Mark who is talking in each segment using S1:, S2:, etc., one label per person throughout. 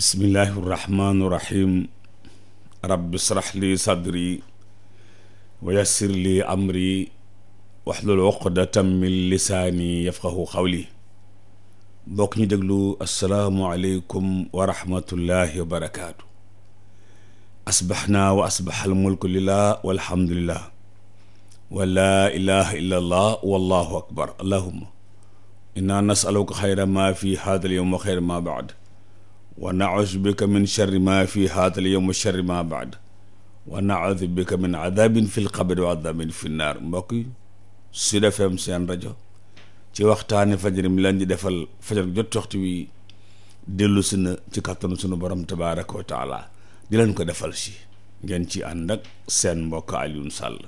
S1: bismillahi irrahmani irrahim rabbi srah li sadri wa yassir li amri waxlul uqdatan min lisaani yafqahu xawli bokk ñu déglu asalaamualeykum wa rahmatullahi wa barakaatu asbaxnaa wa asbaxa almulku lillah walhamdulillah wa laa ilaha illa allah wallahu akbar allahuma inna nasaluka xayra ma fi hada al yowm wa xayra ma baad wa nacuudu bika min sharri ma fi haatal yowm wa sharri ma baad wa nacuudu bika min adaabin fi lqabri wa adaabin fi naar mbokk yi Sud seen rajo ci waxtaani fajar mi leen di defal fajar jot waxtu wi dellu si na ci kàttanu sunu borom tabaaraka wa taala di leen ko defal si ngeen ci ànd seen mbokk Alioune Sall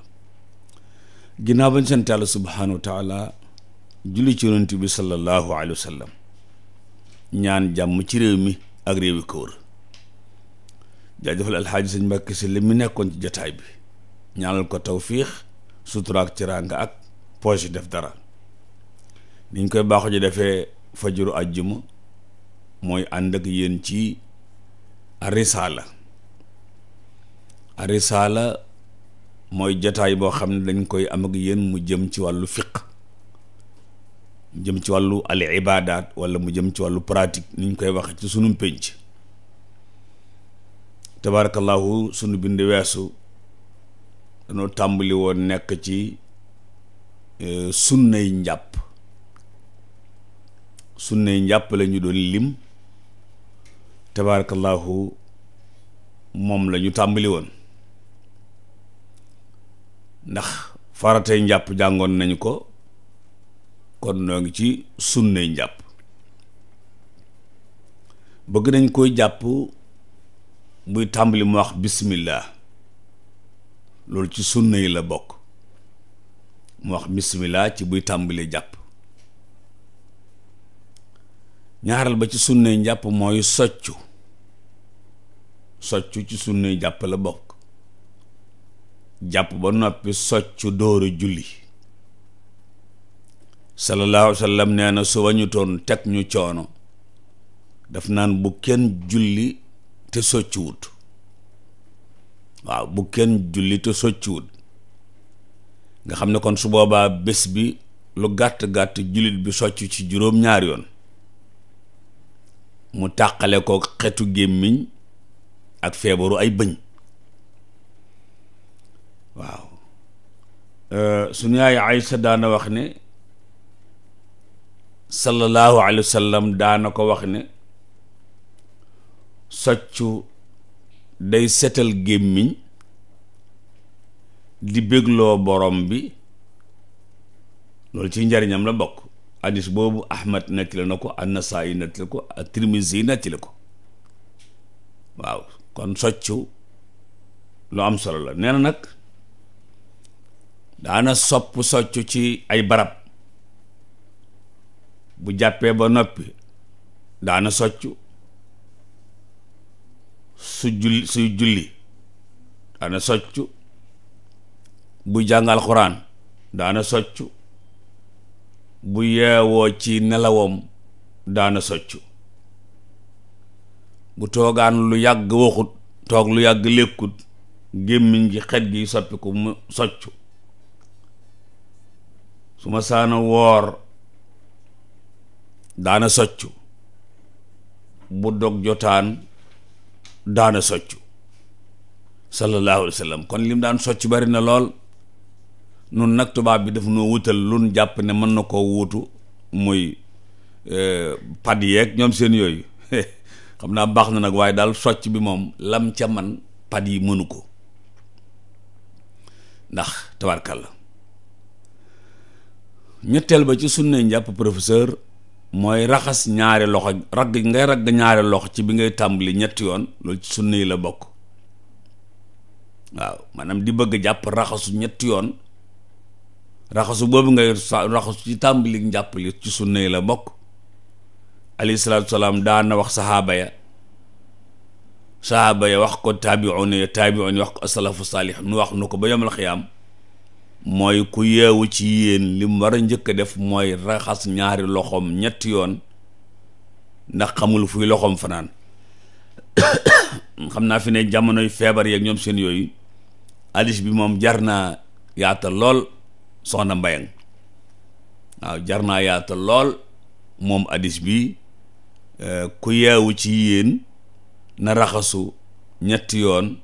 S1: ginnaaw bañ sant Yàlla subhaanahu wa taala julli ci yonent bi sallallahu alayhi wa ñaan jàmm ci réew mi ak réew yi ko wër jaajëfal alxaaji sëñ Mbàkke si li mu nekkoon ci jataay bi ñaanal ko tawfiix suturaak ci ràng ak poche def dara niñ koy baaxu ji defee fajaru àjjuma mooy ànd ak yéen ci arisaala arisaala mooy jataay boo xam ne dañ koy am ak yéen mu jëm ci wàllu fiq mu jëm ci wàllu al ibaadaat wala mu jëm ci wàllu pratique ni ñu koy waxe ci sunu pénc tabarakallahu sunu bind weesu dañoo tàmbali woon nekk ci e, sunnay njàpp sunnay njàpp la ñu doon lim tabarakallahu moom lañu ñu tàmbali woon ndax faratay njàpp jàngoon nañu ko kon noo ci sunnay njàpp bëgg nañ koy jàpp buy tàmbali mu wax bismillah loolu ci sunna la bokk mu wax bismillah ci buy tàmbali jàpp ñaaral ba ci sunnay njàpp mooy soccu soccu ci sunnay jàpp la bokk jàpp ba noppi soccu dóoru julli sallallahu alayhi wa sallam nee na su wañutoon teg ñu coono daf naan bu kenn julli te soccuwut waaw bu kenn julli te soccuwut nga xam ne kon su boobaa bés bi lu gàtt-gàtt jullit bi soccu ci juróom-ñaar yoon mu tàqale ko xetu gémmiñ ak feebaru ay bëñ waaw euh, suñu yaay Aysa daana wax ne sallallahu alayhi wa sallam daana ko wax ne soccu day setal gémmiñ di bégloo borom bi loolu ci njariñam la bokk hadis boobu ahmad nettali na ko an-Nasaa'i nettali ko at-Tirmisi nettali ko waaw kon soccu lu am solo la nee nag daana sopp soccu ci ay barab bu jàppee ba noppi daana soccu su julli suy daana soccu bu jàngal xuraan daana soccu bu yeewoo ci nelawam daana soccu bu toogaan lu yàgg waxut toog lu yàgg lékkut gémmiñ gi xet gi soppi ko mu soccu su ma saana woor daana soccu bu dog jotaan daana soccu sallallahu alayhi wa sallam kon lim daan socc bari na lool noonu nag tubaab bi daf noo wutal lun jàpp ne mën na koo wuutu muy eh, pad yeek ñoom seen yooyu xam naa baax na nag waaye daal socc bi moom lam ca man pad yi mënu ko ndax tabarkalla ñetteel ba ci sunnay njàpp professeur mooy raxas ñaari loxo ragg ngay ragg ñaari loxo ci bi ngay tàmbuli ñetti yoon loolu ci sunna yi la bokk waaw maanaam di bëgg jàpp raxasu ñetti yoon raxasu boobu ngay raxasu ci tàmbali njàpp li ci sunna yi la bokk alayhi salaatu salaam daan wax saxaaba ya saxaaba ya wax ko taabiuun ya taabiuun ya wax ko asalafu saalix nu wax nu ko ba yomal xiyaam mooy ku yeewu ci yéen li mu war a njëkk a def mooy raxas ñaari loxoom ñetti yoon ndax xamul fuy loxoom fanaan xam naa fi ne jamonoy feebar yeeg ñoom seen yooyu alis bi moom jar naa yaata lool soxna mbayang waaw jar naa yaatal lool moom alis bi euh, ku yeewu ci yéen na raxasu ñetti yoon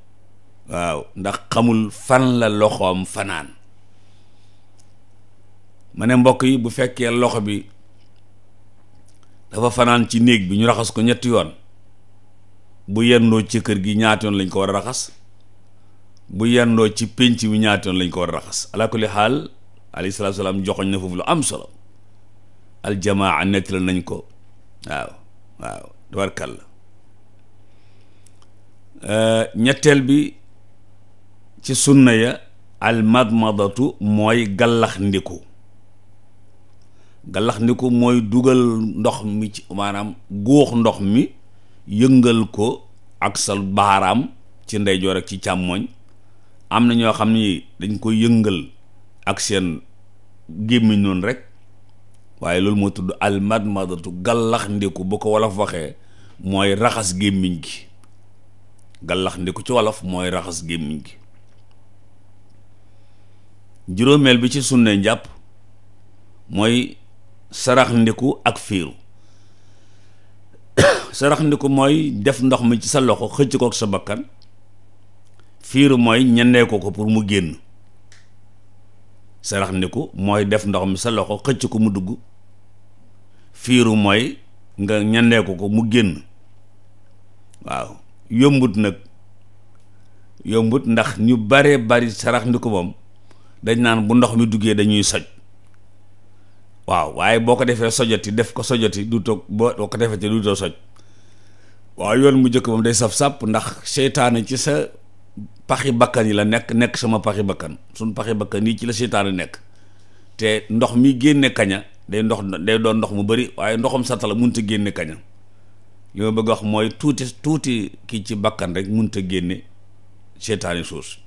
S1: waaw ndax xamul fan la loxoom fanaan ma mbokk yi bu fekkee loxo bi dafa fanaan ci néeg bi ñu raxas ko ñetti yoon bu yendoo ci kër gi ñaati yoon lañ ko war a raxas bu yendoo ci pénc bi ñaati yoon lañ ko war a raxas ala kulli xaal alayhi salaam joxoñ na foofu lu am solo aljamaa nettali nañ ko waaw waaw tabarkàlla euh, ñetteel bi ci sunna ya almadmadatu mooy gallax ndiku galax mooy dugal ndox mi ci maanaam góox ndox mi yëngal ko ak sa baaraam ci ndeyjoor ak ci càmmoñ am na ñoo xam ni dañ koy yëngal ak seen gémmiñ noonu rek waaye loolu moo tudd almadmadatu gàllax ndiku bu ko wolof waxee mooy raxas gémmiñ gi gàllax ci wolof mooy raxas gémmiñ gi juróomeel bi ci sunne njàpp mooy sarax ak fiiru sarax mooy def ndox mi ci sa loxo xëcc ko ak sa bakkan fiiru mooy ñendee ko ko pour mu génn sarax mooy def ndox mi sa loxo xëcc ko mu dugg fiiru mooy nga ñendee ko ko mu génn waaw yombut nag yombut ndax ñu bare bari sarax ndiku moom dañ naan bu ndox mi duggee dañuy soj waaw waaye boo ko defee sojoti def ko sojati du toog boo ko defee te du too soj waaw yoon mu njëkk moom day saf-sàpp ndax seytaane ci sa paxi bakkan yi la nekk nekk sama paxi bakkan suñ paxi bakkan yi ci la seytaane nekk te ndox mi génne kaña day ndox day doon ndox mu bari waaye ndoxam sarta la munta génne kaña li ma bëgg wax mooy tuuti tuuti kii ci bakkan rek munta génne seytaane suus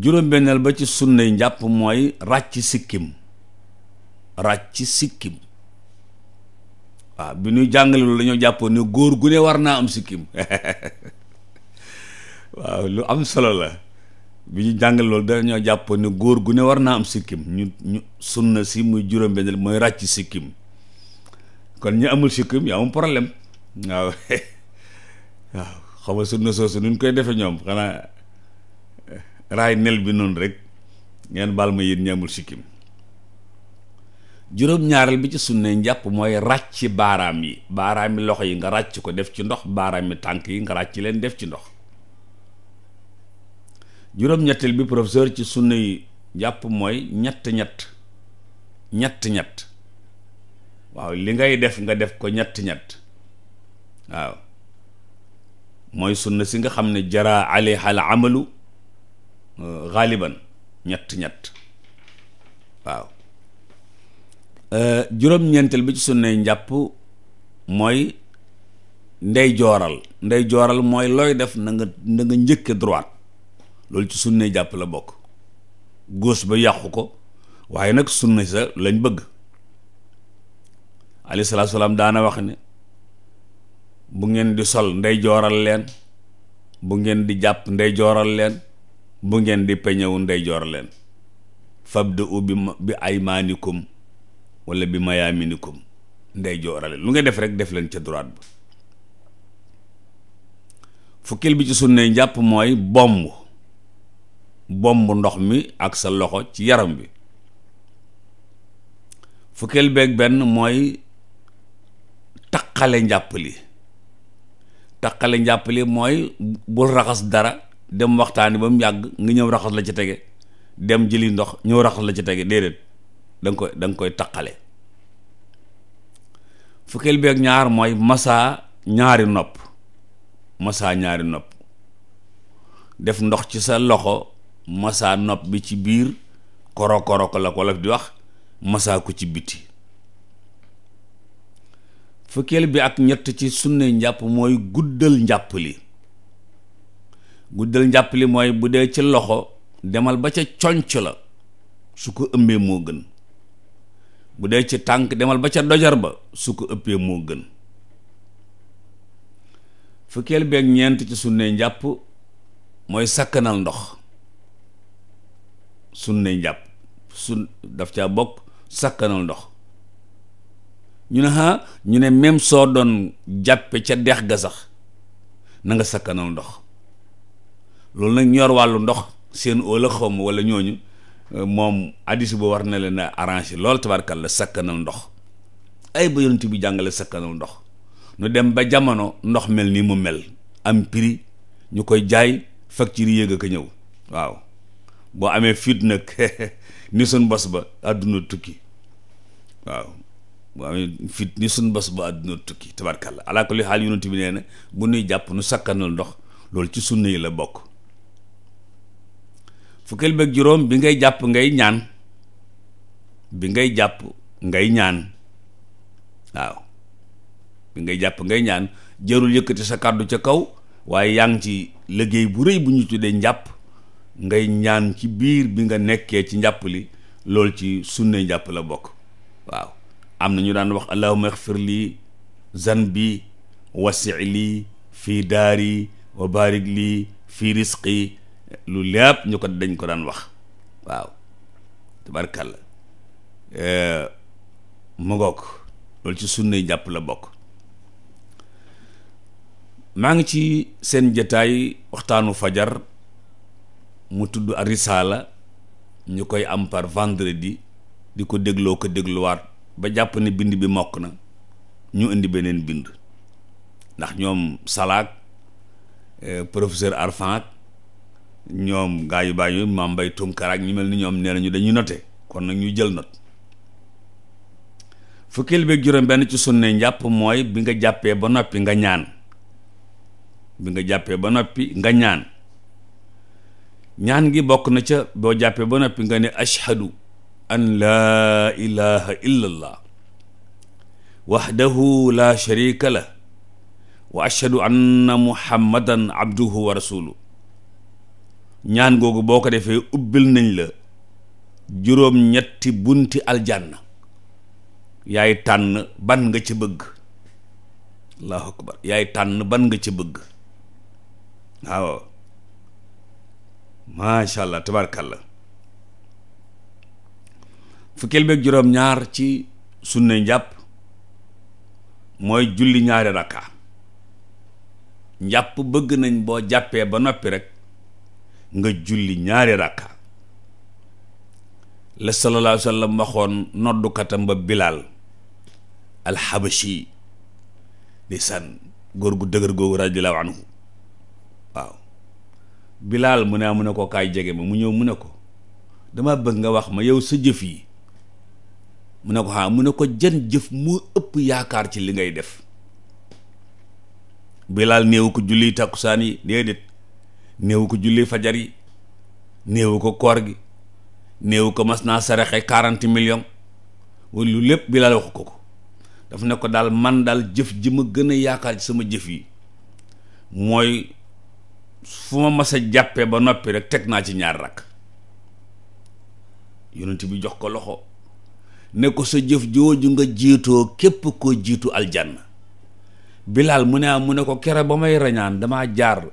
S1: juróom-benneel ba ci sunnay njàpp mooy ràcc sikkim ràcci sikkim waaw bi ñuy jàngale loolu dañoo jàppoon ne góor gu ne war naa am sikkim lu am solo la ñu jàngale dañoo jàppoon ne góor gu ne war naa am sikkim ñu ñu sunna si muy juróom-benneel mooy ràcc sikkim kon ñu amul sikkim yaa am problème waaw waaw xaw ma sunna soosu nuñ koy defe ñoom xanaa raay nel bi noonu rek ngeen baal ma yéen ñaamul sikkim juróom-ñaareel bi ci sunne njàpp mooy ràcc baaraam yi baaraam yi loxo yi nga ràcc ko def ci ndox baaraam yi tànk yi nga ràcc leen def ci ndox juróom-ñetteel bi professeur ci sunne yi njàpp mooy ñett ñett ñett waaw li ngay def nga def ko ñett ñett waaw mooy sunna si nga xam ne jaraa aleyha al amalu xaaliban euh, ñett ñett waaw euh, juróom-ñeenteel bi ci sunnay njàpp mooy ndey jooral ndey jooral mooy looy def na nga na njëkke droite loolu ci sunnay jàpp la bokk góos ba yàqu ko waaye nag sunna sa lañ bëgg alayhi salaatu salaam daana wax ne bu ngeen di sol ndey jooral leen bu ngeen di jàpp ndey jooral leen bu ngeen di peñewu ndeyjoor leen fabda'u bi bi aymaanikum wala bi mayaaminikum ndeyjoor leen lu nga def rek def leen ca droit ba fukkil bi ci sunnay njàpp mooy bomb bomb ndox mi ak sa loxo ci yaram wi fukkil beeg benn mooy taqale njàpp li taqale njàpp li mooy bul raxas dara dem waxtaani ba mu yàgg ngi ñëw raxas la ci tege dem jëli ndox ñëw raxas la ci tege déedéet da nga koy da nga koy taqale fukkeel beeg ñaar mooy masaa ñaari nopp masaa ñaari nopp def ndox ci sa loxo masaa nopp bi ci biir koro koro ko la ko la di wax masaa ko ci biti fukkeel bi ak ñett ci sunne njàpp mooy guddal njàpp li guddal njàpp li mooy bu dee ci loxo demal ba ca conc la su ko ëmbee moo gën bu dee ci tànk demal ba ca dojar ba su ko ëppee moo gën fukkeel beeg ñeent ci sunne njàpp mooy sakkanal ndox sunne njàpp su daf ca bokk sakkanal ndox ñu ne ha ñu ne même soo doon jàppe ca dex ga sax na nga sakkanal ndox loolu nag ñor wàllu ndox seen óola xawma wala ñooñu euh, moom addis ba war na leen a arrangé lool la sakkanal ndox ay ba yonent bi jàngale sakkanal ndox nu dem ba jamono ndox mel ni mu mel am prix ñu koy jaay facture yéeg a ñëw waaw boo amee fit nag ni suñ ba àdduna tukki waaw boo amee fit ni suñ bos ba àdduna tukki tabarkalla alaa kulli xaal bi nee na bu nuy jàpp nu sakkanal ndox loolu ci sunna yi la bokk fukkeel beeg juróom bi ngay jàpp ngay ñaan bi ngay jàpp ngay ñaan waaw bi ngay jàpp ngay ñaan jërul yëkkati sa kàddu ca kaw waaye yaa ngi ci liggéey bu rëy bu ñu tuddee njàpp ngay ñaan ci biir bi nga nekkee ci njàpp li lool ci sunne njàpp la bokk waaw am na ñu daan wax allahumma ixfir lii zanbi wasi lii fii daari wa barik lii fii risqi lu lépp ñu ko dañ ko daan wax waaw tabarkàlla eh, mu ngoog loolu ci sunnay jàpp la bokk maa ngi ci seen jataay waxtaanu fajar mu tudd arisaala ñu koy am par vendredi di ko dégloo ko dégluwaat ba jàpp ne bind bi mokk na ñu indi beneen bind ndax ñoom salaak eh, professeur Arfan ñoom gaa yu bàyyi maam mbay tunkaraak ñu mel ni ñoom nee nañu dañu note kon nag ñu jël not fukkeel beeg juróom benn ci sunne njàpp mooy bi nga jàppee ba noppi nga ñaan bi nga jàppee ba noppi nga ñaan ñaan gi bokk na ca boo jàppee ba noppi nga ne ashhadu an laa ilaha illa allah wahdahu la sharika la wa ashhadu anna muhammadan abduhu wa rasuluh ñaan googu boo ko defee ubbil nañ la juróom-ñetti bunti aljanna yaay tànn ban nga ci bëgg allahu akbar yaay tànn ban nga ci bëgg waaw macha allah tabarkalla fukkeel beeg juróom-ñaar ci sunne njàpp mooy julli ñaari rakka njàpp bëgg nañ boo jàppee ba noppi rek nga julli ñaari rakka la sallallahu alayhi wa sallam waxoon noddukatam ba bilaal alxabashi di san góor gu dëgër googu radiallahu anhu waaw bilaal mu ne ah, mu ne ko kaay jege ma mu ñëw mu ne ko dama bëgg nga wax ma yow sa jëf yi mu ne ko xaa ah, mu ne ko jan jëf mu ëpp yaakaar ci li ngay def bilaal néew ko julli tàkkusaan yi néewu ko julli fajar yi néewu ko koor gi néewu ko mas naa saraxe quarante millions wala lu lépp bi laal waxu ko ko daf ne ko daal man daal jëf ji ma gën a yaakaar ci sama jëf yi mooy fu ma mas a jàppee ba noppi rek teg naa ci ñaar rakk yonent bi jox ko loxo ne ko sa jëf jooju nga jiitoo képp ko jiitu aljanna bilaal mu ne am ah mu ne ko kere ba may rañaan damaa jaar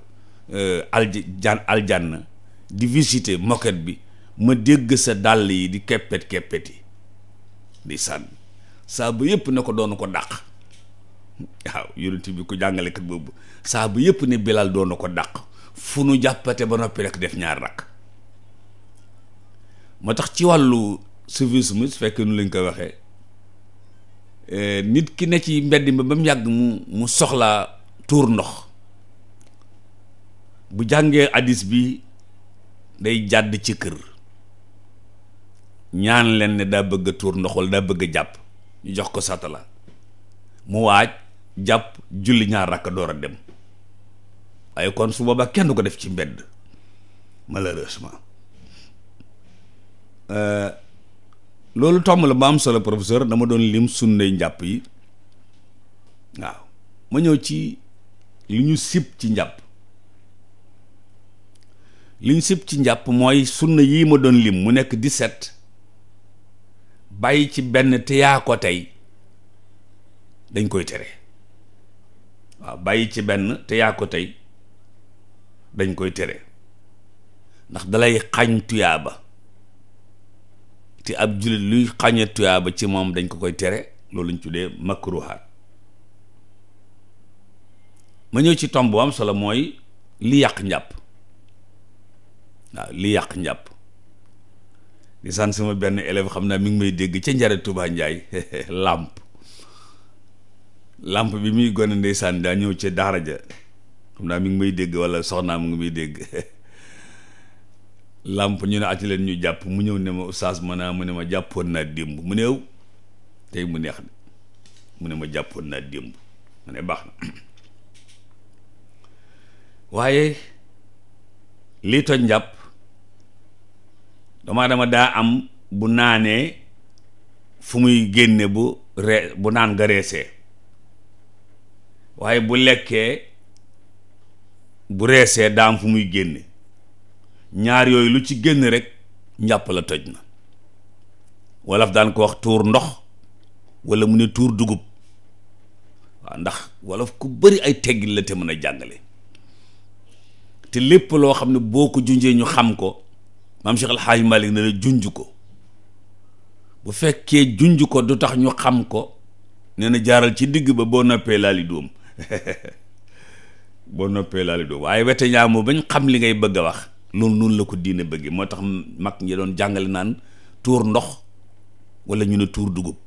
S1: Euh, alji jan aljanna di visiter bi ma dégg sa dàll yi di keppet keppet yi di sànn saabu yëpp ne ko doon ko dàq waaw yonent bi ko jàngalekat boobu saabu yëpp ne Bilal doon ko dàq fu nu jàppate ba noppi rekk def ñaar rakk moo tax ci wàllu service su fekkee nu lañ koy waxee euh, nit ki ne ci mbedd mi ba mu yàgg mu mu soxlaa tuur ndox bu jàngee hadis bi day jàdd ci kër ñaan leen ne daa bëgg a tuur ndox wala daa bëgg jàpp ñu jox ko satala mu waaj jàpp julli ñaar rakk door a dem waaye kon su boobaa kenn du ko def ci mbedd malheureusement euh, loolu tomb la ba am solo professeur dama doon lim sunnay njàpp yi waaw ma ñëw ci li ñu sib ci njàpp liñ sib ci njàpp mooy sunna yii ma doon lim mu nekk 17 bàyyi ci benn te dañ koy tere waaw bàyyi ci benn te yaa ko tey dañ koy tere ndax dalay xañ tuyaaba te ab jullit luy xañe tuyaaba ci moom dañ ko koy tere loolu ñu tuddee makruhaat ma ñëw ci tomb bu am solo mooy li yàq njàpp waaw li yàq njàpp di sant sama benn élève xam naa mi ngi may dégg ci njare tubaa Ndiaye làmp làmp bi muy gone ndeysaan daa ñëw ci daara ja xam naa mi ngi may dégg wala soxnaa mu ngi may dégg làmp ñu ne ati leen ñu jàpp mu ñëw ne ma oustaz ma mu ne ma jàppoon naa démb mu néew tey mu neex na ma jàppoon naa démb ne baax na waaye lii toj njàpp doomu aadama daa am bu naanee fu muy génne bu ree bu naan nga reesee waaye bu lekkee bu reesee daa am fu muy génne ñaar yooyu lu ci génn rek njàpp la toj na wolof daan ko wax tuur ndox walla mu ne tuur dugub waaw ndax wolof ku bari ay teggin la te mën a jàngale te lépp loo xam ne boo ko junjee ñu xam ko maam Cheikh El Hadj Malick la junj ko bu fekkee junj ko du tax ñu xam ko nee jaaral ci digg ba boo noppee laali doom boo noppee laali doom waaye wete ñaamu bañ xam li ngay bëgg a wax loolu noonu la ko diine bëgg moo tax mag ñi doon jàngale naan tuur ndox wala ñu ne tuur dugub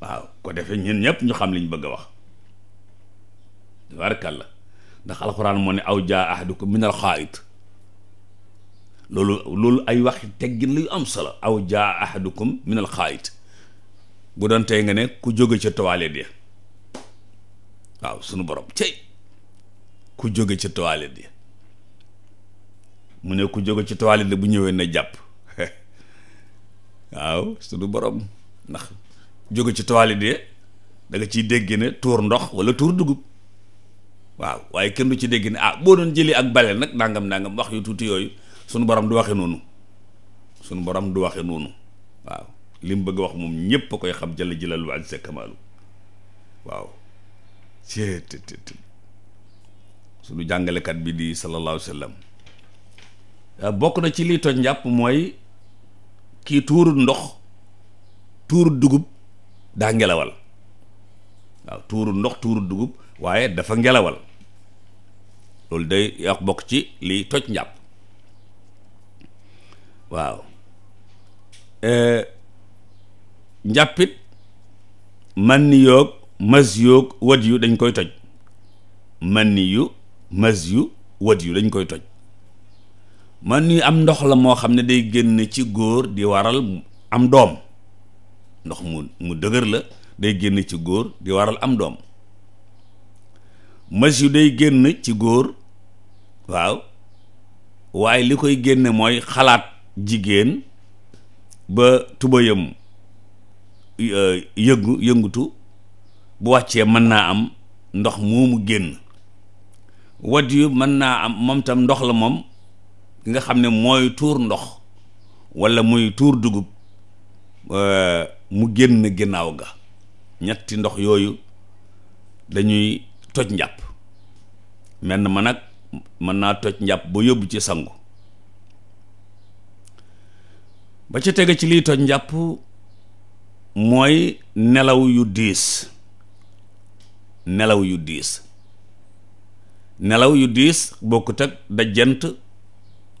S1: waaw ko defe ñun ñëpp ñu xam liñ bëgg a wax tabaarkalla ndax alxuraan moo ne aw jaa ahadukum minal xaa'it loolu loolu ay wax teggin lu am solo aw jaa ahadukum min al xaayit bu doon tey nga ne ku jóge ca toilette ya waaw sunu borom cey ku jóge ca toilette ya mu ne ku jóge ci toilette bu ñëwee na jàpp waaw sunu borom ndax jóge ci toilette ya da ciy dégg ne tuur ndox wala tuur dugub waaw waaye kenn du ci dégg ne ah boo doon jëlee ak bale nag nangam nangam wax yu tuuti yooyu sunu borom du waxe noonu suñu borom du waxe noonu waaw li mu bëgg wax moom ñépp a koy xam jalla jëlal wa azza kamaalu waaw jàngalekat bi di sallallahu alayhi wa ah, bokk na ci liy toj njàpp mooy kii tuur ndox tuur dugub daa ngelawal waaw tuuru ndox tuuru dugub waaye dafa ngelawal loolu day yàq bokk ci liy toj njàpp waaw eh, njàppit man ni yoog mas yoog wat yu dañ koy toj man ni yu mas yu wat yu dañ koy toj man ni am ndox la moo xam ne day génn ci góor di waral am doom ndox mu mu dëgër la day génn ci góor di waral am doom mas yu day génn ci góor waaw waaye li koy génne mooy xalaat jigéen ba tubayam yëngu euh, yëngutu bu wàccee mën naa am ndox moomu génn wadd yu mën naa am moom tam ndox la moom ki nga xam ne mooy tuur ndox walla muy tuur dugub euh, mu génn ginnaaw ga ñetti ndox yooyu dañuy toj njàpp menn ma nag mën naa toj njàpp ba yóbbu ci sangu ba ca tege ci liy toj njàpp mooy nelaw yu diis nelaw yu diis nelaw yu diis bokkut ak dajjant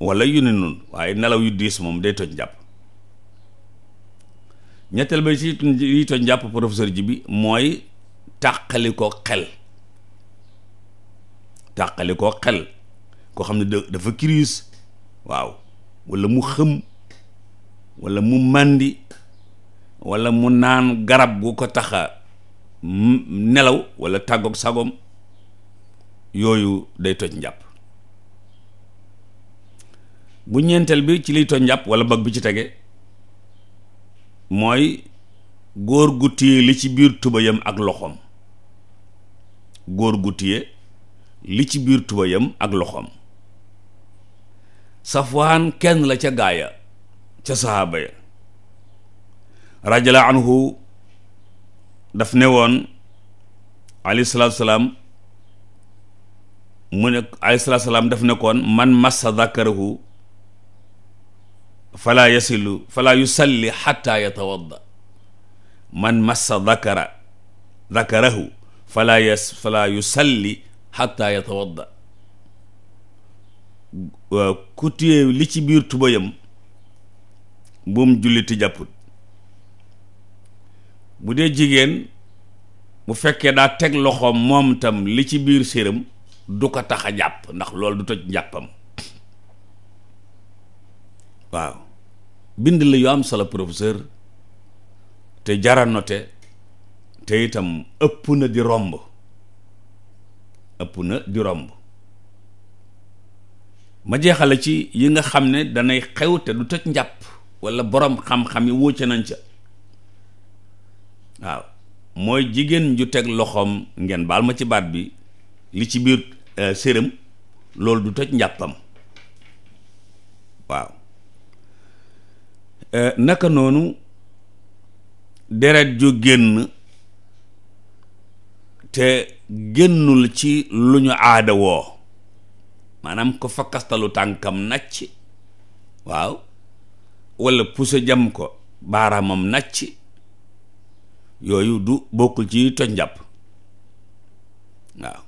S1: wala yu ne noonu waaye nelaw yu diis moom day toj njàpp ñetteel ba ci liy toj njàpp professeur ji bi mooy tàqali ko xel tàqali ko xel koo xam ne dafa crise waaw wala mu xëm walla mu màndi walla mu naan garab gu ko taxa nelaw walla tàggoog sagoom yooyu day toj njàpp bu ñeenteel bi ci liy toj njàpp walla bag bi ci tege mooy góor gu li ci biir tubayam ak loxoom góor gu li ci biir tubayam ak loxoom safwaan kenn la ca gaaya ca sahaaba ya rajala anhu daf ne woon alayhi salaatu salaam mu ne alayhi salaatu salaam daf ne koon man massa dakarahu fala yasilu fala yusalli xatta yatawadda man massa dakara dakarahu fala yas fala yusalli xatta yatawadda ku téye li ci biir tubayam buum julliti jàpput bu dee jigéen bu fekkee daa teg loxoom moom tam li ci biir séram du ko tax a jàpp ndax loolu du toj njàppam waaw bind la yu am solo professeur te jara note te itam ëpp na di romb ëpp na di romb ma jeexale ci yi nga xam ne danay xew te du toj njàpp wala boroom xam-xam yi wuute nañ ca waaw mooy jigéen ju teg loxoom ngeen baal ma ci baat bi li ci biir euh, séram loolu du toj njàppam waaw euh, naka noonu deret ju génn te génnul ci lu ñu aada woo maanaam ko fakkastalu tànkam nacc waaw walla puso jam ko baaraamam nàcc yooyu du bokkul ci toj njàpp waaw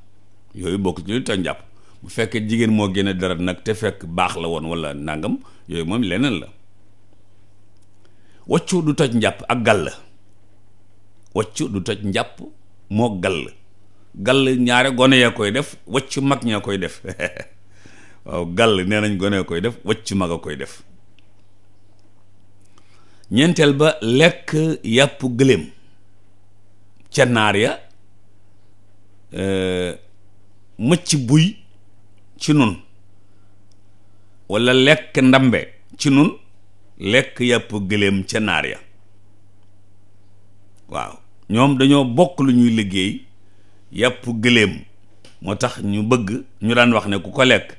S1: yooyu bokkul ci toj njàpp bu fekkee jigéen moo génne dara nag te fekk baax la woon walla nàngam yooyu moom leneen la waccu du toj njàpp ak gall waccu du toj njàpp moo gàll gàll ñaare gone ya koy def waccu mag ñaa koy def waaw gàll nee nañ gone ya koy def waccu mag a koy def ñeenteel ba lekk yàpp gëléem ca naar ya euh, mëcc buy ci nun walla lekk ndambe ci nun lekk yàpp gëléem ca naar ya waaw ñoom dañoo bokk lu ñuy liggéey yàpp gëléem moo tax ñu bëgg ñu daan wax ne ku ko lekk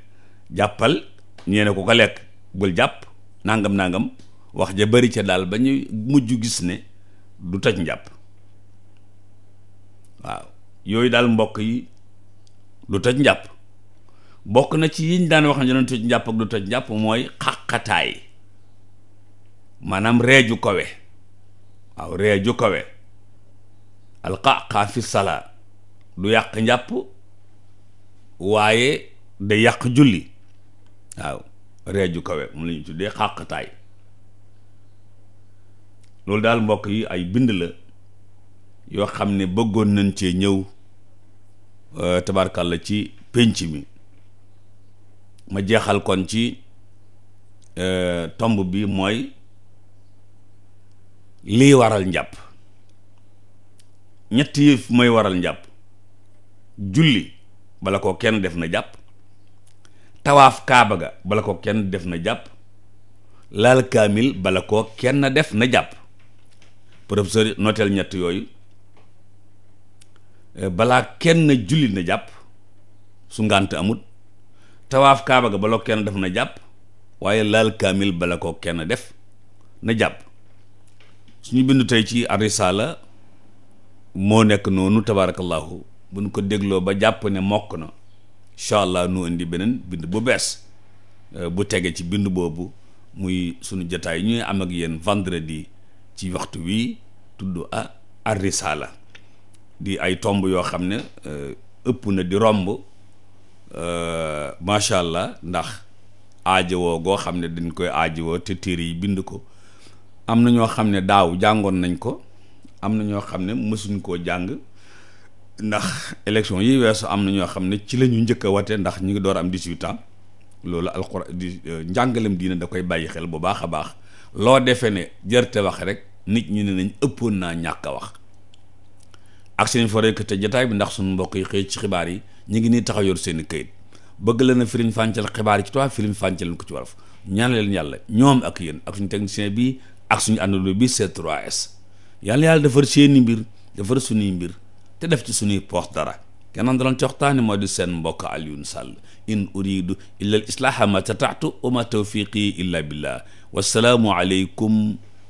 S1: jàppal ñee ne ku ko lekk bul jàpp nangam nangam wax ja bari ca daal ba ñu mujj gis ne du toj njàpp waaw yooyu daal mbokk yi du toj njàpp bokk na ci yiñ daan wax ne dana toj njàpp ak du toj njàpp mooy xaqataay maanaam reeju kowe waaw reeju kowe alqaqa fi salaa du yàq njàpp waaye da yàq julli waaw reeju kowe mu la ñu tuddee xaqataay loolu daal mbokk yi ay bind la yoo xam ne bëggoon nañ cee ñëw euh, la ci pénc mi ma jeexal kon ci euh, tomb bi mooy lii waral njàpp ñett yëf mooy waral njàpp julli bala ko kenn def na jàpp tawaaf kaaba ga bala ko kenn def na jàpp laal kaamil bala ko kenn def na jàpp professeur noteel ñett yooyu eh, balaa kenn jullit na jàpp su ngànt amut tawaaf kaaba ga baloo kenn def na jàpp waaye laal kaamil bala ko kenn def na jàpp suñu bindu tey ci arisala moo nekk noonu tabarakallahu bu ñu ko dégloo ba jàpp ne mokk na incha allah nu indi beneen bind bu bees eh, bu tege ci bind boobu muy sunu jotaay ñuy am ak yéen vendredi ci waxtu wi tudd a arrisala di ay tomb yoo xam ne euh, ëpp na di romb euh, macha allah ndax aajo woo goo xam ne dañ koy aajowoo te téere yi bind ko am na ñoo xam ne daaw jàngoon nañ ko am na ñoo xam ne mësuñ koo jàng ndax élection yi weesu am na ñoo xam ne ci lañu njëkk a wate ndax ñu ngi door am 18 ans loolu alxuraan di euh, njàngalem diina da koy bàyyi xel bu baax a baax loo defe ne jërte wax rek nit ñu ne nañ ëppoon naa ñàkk a wax ak seen fa rekk te jataay bi ndax suñu mbokk yi xëy ci xibaar yi ñu ngi nii taxaw yor seeni këyit bëgg la na firim fàncal xibaar yi ci tubaab firim fàncal leen ko ci wolof ñaan leen yàlla ñoom ak yéen ak suñu technicien bi ak suñu àndandoo bi C3S yàlla yàlla defar seeni mbir defar suñuy mbir te def ci sunuy poos dara kenn daloon ci waxtaani moo di seen mbokk Alioune Sall in uridu illa al islaaha ma tataatu wa